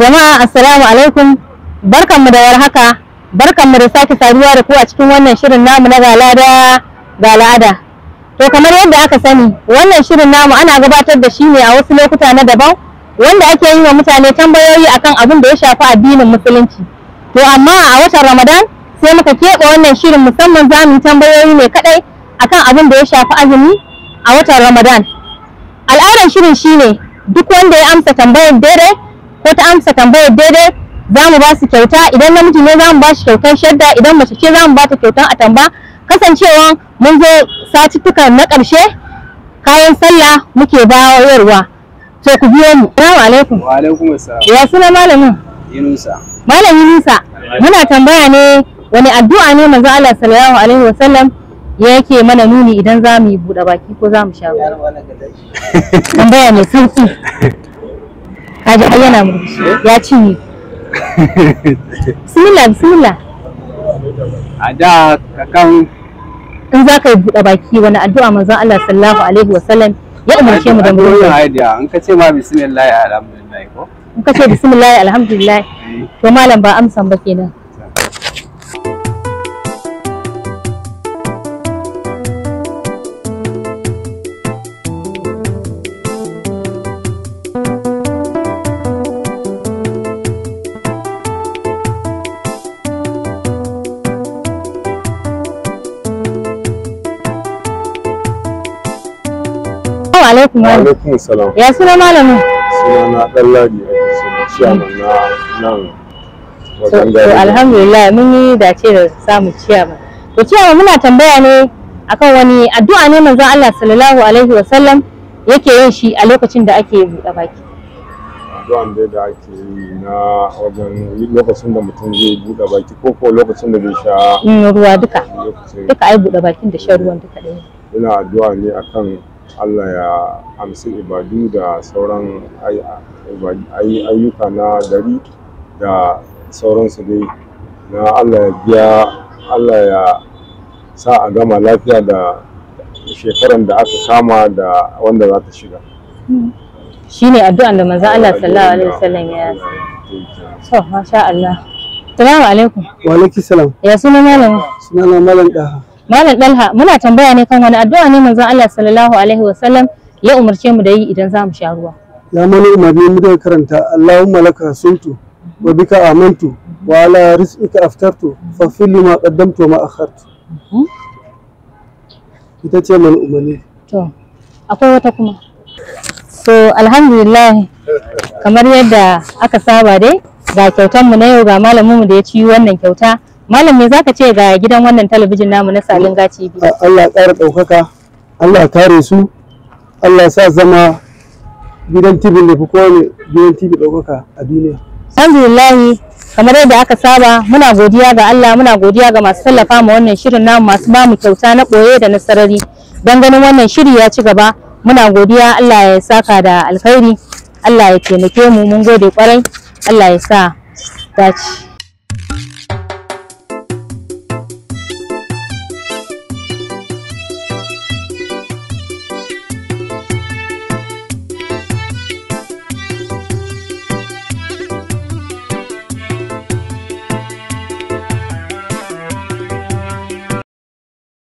Jama'a assalamu alaikum barkanmu da warhaka barkanmu da sake saduwa da ku a cikin wannan shirin namu na galada galada. To kamar yadda aka sani wannan shirin namu ana gabatar da shi ne a wasu lokuta na daban wanda ake yi wa mutane tambayoyi akan abin da ya shafi addinin musulunci. To amma a watan Ramadan sai muka keɓe wannan shirin musamman za mu tambayoyi ne kaɗai akan abin da ya shafi azumi a watan Ramadan. Al'adar shirin shine duk wanda ya amsa tambayar daidai ko ta amsa tambayar daidai za mu ba su kyauta idan namiji ne za mu ba shi kyautar shadda idan mace ce za mu ba ta kyautar atamba kasancewa mun zo satuttuka na ƙarshe kayan sallah muke bayarwa to ku biyo mu assalamu alaikum wa alaikum assalam ya suna malamin yunusa malamin yunusa muna tambaya ne wani addu'a ne manzo Allah sallallahu alaihi wa sallam yake mana nuni idan za mu yi buɗe baki ko za mu sha ruwa tambaya mai sauki kaji ai yana murmushi ya ni bismillah bismillah a da kakan in za ka yi buɗe baki wani addu'a manzon Allah sallallahu alaihi wa sallam ya umarce mu da mu yi haidiya in ka ce ma bismillah alhamdulillah ko in ka ce bismillah alhamdulillah eh. to malam ba amsan ba kenan Assalamu alaikum. Wa alaikum salam. Ya suna malamin? suna Sunana Ɗanladi Ciyaman na nan wajen gari. Alhamdulillah mun yi dace da samun ciyaman. To ciyaman muna tambaya ne akan wani addu'a ne manzon Allah sallallahu alaihi wa sallam yake yin shi a lokacin da ake buɗe baki. Addu'an dai da ake yi na wajen lokacin da mutum zai buɗe baki ko ko lokacin da zai sha mm, ruwa duka. Duka ai buɗe bakin da shan ruwan duka ɗaya. Ina addu'a ne akan Allah ya amsi ibadu da sauran ayyuka na gari da sauransu dai na Allah ya biya Allah ya sa a gama lafiya da shekaran da aka kama da wanda za ta shiga shi ne addu'an da manzo Allah sallallahu alaihi wasallam ya so masha Allah assalamu alaikum wa alaikum salam ya sunan malam suna malam daha Malam Dalha muna tambaya ne kan wani addu'a ne manzon Allah sallallahu alaihi wasallam ya umarce mu da yi idan za mu sha ruwa. Ya mana umarni mu da karanta Allahumma laka suntu wa bika amantu wa ala rizqika aftartu fa fil ma qaddamtu wa ma akhartu. Hmm? Ita ce mani umarni. To akwai wata kuma. So alhamdulillah kamar yadda aka saba dai ga kyautar mu na yau ga malamin mu da ya ci wannan kyauta malam me zaka ce ga gidan wannan talabijin namu na Salinga TV Allah ya ƙara ɗaukaka Allah ya kare su Allah ya sa zama gidan TV ne fi kowane gidan TV ɗaukaka a duniya alhamdulillah kamar yadda aka saba muna godiya ga Allah muna godiya ga masu tallafa ma wannan shirin namu masu bamu kyauta na ɓoye da na sarari don ganin wannan shiri ya ci gaba muna godiya Allah ya saka da alkhairi Allah ya taimake mu mun gode kwarai Allah ya sa dace